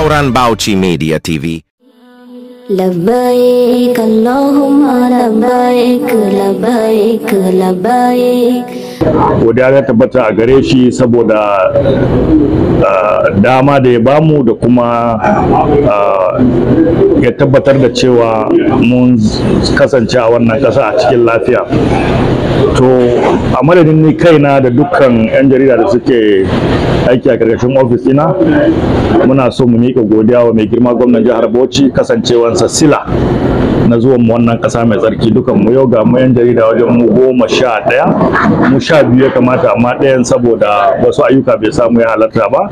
Mauran Bauchi Media TV. لبيك اللهم لبيك لبيك لبيك godiya ta tabbata a gare shi saboda dama da ya bamu da kuma ya tabbatar da cewa mun kasance a wannan ƙasa a cikin lafiya to a madadin ni kaina da dukkan 'yan jarida da suke aiki a ƙarƙashin ofis ina muna so mu miƙa godiya wa mai girma gwamnan jihar Bauchi kasancewansa sila na zuwa mu wannan ƙasa mai tsarki dukan mu yau ga mu yan jarida wajen mu goma sha ɗaya mu sha biyu ya kamata amma ɗayan saboda wasu ayyuka bai samu ya halarta ba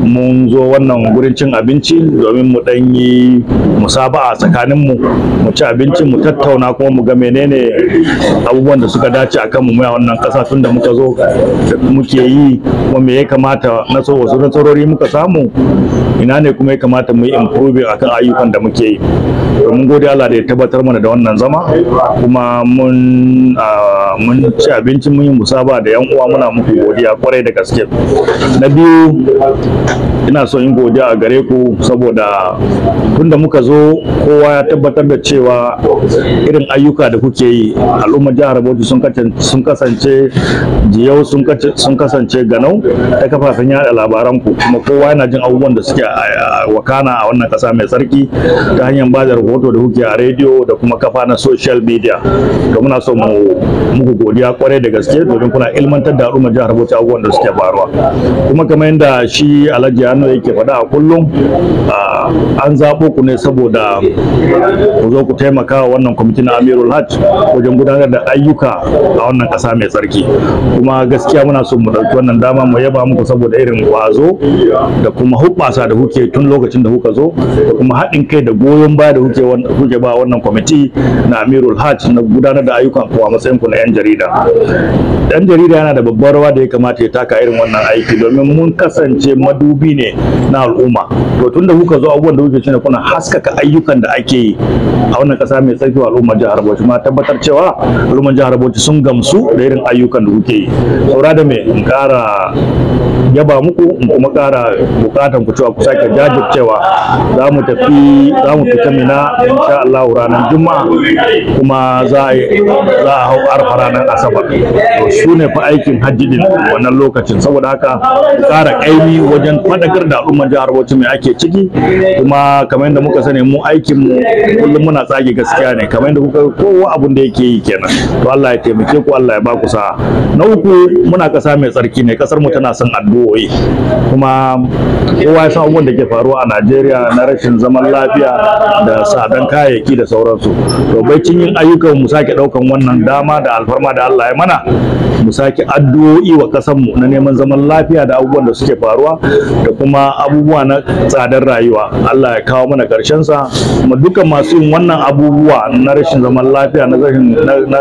mun zo wannan gurin cin abinci domin mu ɗan yi musaba'a tsakanin mu mu ci abinci mu tattauna kuma mu ga menene abubuwan da suka dace akan mu a wannan ƙasa tun da muka zo muke yi kuma me ya kamata na so wasu nasarori muka samu ina ne kuma ya kamata mu yi improving akan ayyukan da muke yi domin gode Allah da ya tabbatar mana da wannan zama kuma mun ah, mun ci abinci mun yi musaba da yan uwa muna muku godiya kwarai da gaske na biyu ina so in godiya a gare ku saboda tunda muka zo kowa ya tabbatar da cewa irin ayyuka da kuke yi al'ummar jihar Bauchi sun kasance jiyau sun kasance ganau ta kafafen yada labaran ku kuma kowa yana jin abubuwan da suke ah, wakana a wannan kasa mai tsarki ta hanyar ba da rahoto da kuke a rediyo da kuma kafa na social media ga muna so mu muku godiya kwarai da gaske domin kuna ilmantar da al'umma jihar Bauchi abubuwan da suke faruwa kuma kamar yadda shi Alhaji Hanno yake faɗa a kullum an zaɓo ku ne saboda ku zo ku taimaka wa wannan kwamiti na Amirul Hajj wajen gudanar da ayyuka a wannan ƙasa mai tsarki kuma gaskiya muna so mu dauki wannan dama mu yaba muku saboda irin kwazo da kuma hubbasa da kuke tun lokacin da kuka zo da kuma haɗin kai da goyon baya da kuke da kuke ba wannan kwamiti na Amirul Hajj na gudanar da ayyukan ku a na yan jarida yan jarida yana da babbar rawa da ya kamata ya taka irin wannan aiki domin mun kasance madubi ne na al'umma to tunda kuka zo abubuwan da kuke cewa kuna haskaka ayyukan da ake yi a wannan kasa mai tsarki wa al'ummar jihar Bauchi ma tabbatar cewa al'ummar jihar Bauchi sun gamsu da irin ayyukan da kuke yi saura da me in ƙara yaba muku in kuma kara bukatan ku cewa ku sake jajircewa za mu tafi za mu fita mina insha Allah ranar juma'a kuma za a hau arfa ranar asabar to su fa aikin hajji din wannan lokacin saboda haka ƙara ƙaimi wajen faɗakar da al'umma jihar Bauchi mai ake ciki kuma kamar yadda muka sani mu aikin mu kullum muna tsage gaskiya ne kamar yadda kuka kowa abun da yake yi kenan to Allah ya taimake ku Allah ya ba ku sa'a na uku muna kasa mai tsarki ne kasar mu tana son addu'o'i kuma kowa ya san abubuwan da ke faruwa a Najeriya na rashin zaman lafiya da sadan kayayyaki da sauransu to baicin yin ayyukan mu sake daukan wannan dama da alfarma da Allah ya mana mu sake addu'o'i wa kasan mu na neman zaman lafiya da abubuwan da suke faruwa da kuma abubuwa na tsadar rayuwa Allah ya kawo mana karshen sa kuma dukkan masu yin wannan abubuwa na rashin zaman lafiya na rashin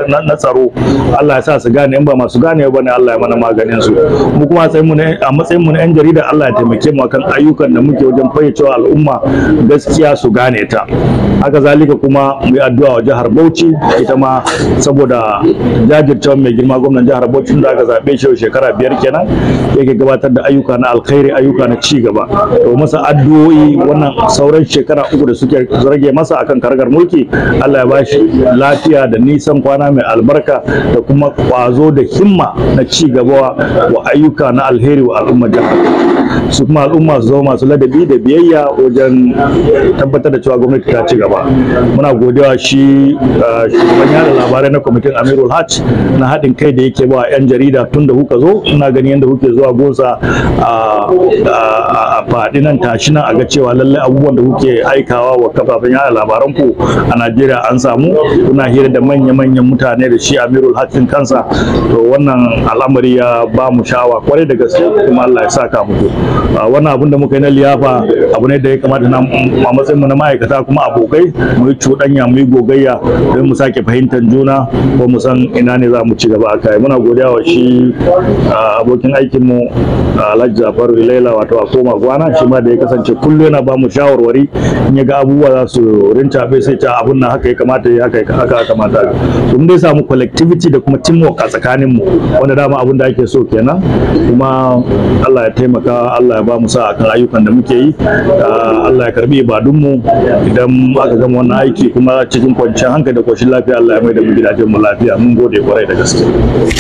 na tsaro Allah ya sa su gane in ba masu gane ba ne Allah ya mana maganin su mu kuma sai a matsayin mu na yan jarida Allah ya taimake mu akan ayyukan da muke wajen fayyacewa al'umma gaskiya su gane ta haka haka zalika kuma mu addu'a a jihar Bauchi ita ma saboda jajircewar mai girma gwamnan jihar Bauchi da aka zabe shi shekara biyar kenan yake gabatar da ayyuka na alkhairi ayyuka na ci gaba to masa addu'o'i wannan sauran shekara uku da suke rage masa akan kargar mulki Allah ya bashi lafiya da nisan kwana mai albarka da kuma kwazo da himma na ci gaba wa ayyuka na alheri wa al'ummar jihar su kuma al'umma su zama masu ladabi da biyayya wajen tabbatar da cewa gwamnati ta ci gaba muna godewa shi ah, shugaban yada labarai na kwamitin amirul hajj na haɗin kai da yake ba 'yan jarida tun da kuka zo Muna gani yadda kuke zuwa gusa ah, ah, a faɗi nan tashi nan a ga cewa lallai abubuwan da kuke aikawa wa kafafen yada labaran ku a najeriya an samu kuna hira da manya-manyan mutane da shi amirul hajjin kansa to wannan al'amari ya ba mu sha'awa kwarai da gaske kuma allah ya saka mutu. wannan abin da muka yi na liyafa abu ne da ya kamata na a mu na ma'aikata kuma abokai mu yi cuɗanya mu yi gogayya don mu sake fahimtar juna ko mu san ina ne za mu ci gaba a kai muna godiya wa shi abokin aikin Alhaji Jafaru Ilaila wato a koma gwana shi ma da ya kasance kullum yana ba mu shawarwari in ya ga abubuwa za su rinta bai sai ta abun nan haka ya kamata ya haka haka kamata to mun dai samu collectivity da kuma teamwork a tsakanin mu wanda dama abun da ake so kenan kuma Allah ya taimaka Allah ya ba mu sa kan ayyukan da muke yi ah, Allah ya karbi mu idan aka gama wannan aiki kuma cikin kwanciyar hankali da koshin lafiya Allah ya mai da mu gidajen mu lafiya mun gode kwarai da gaske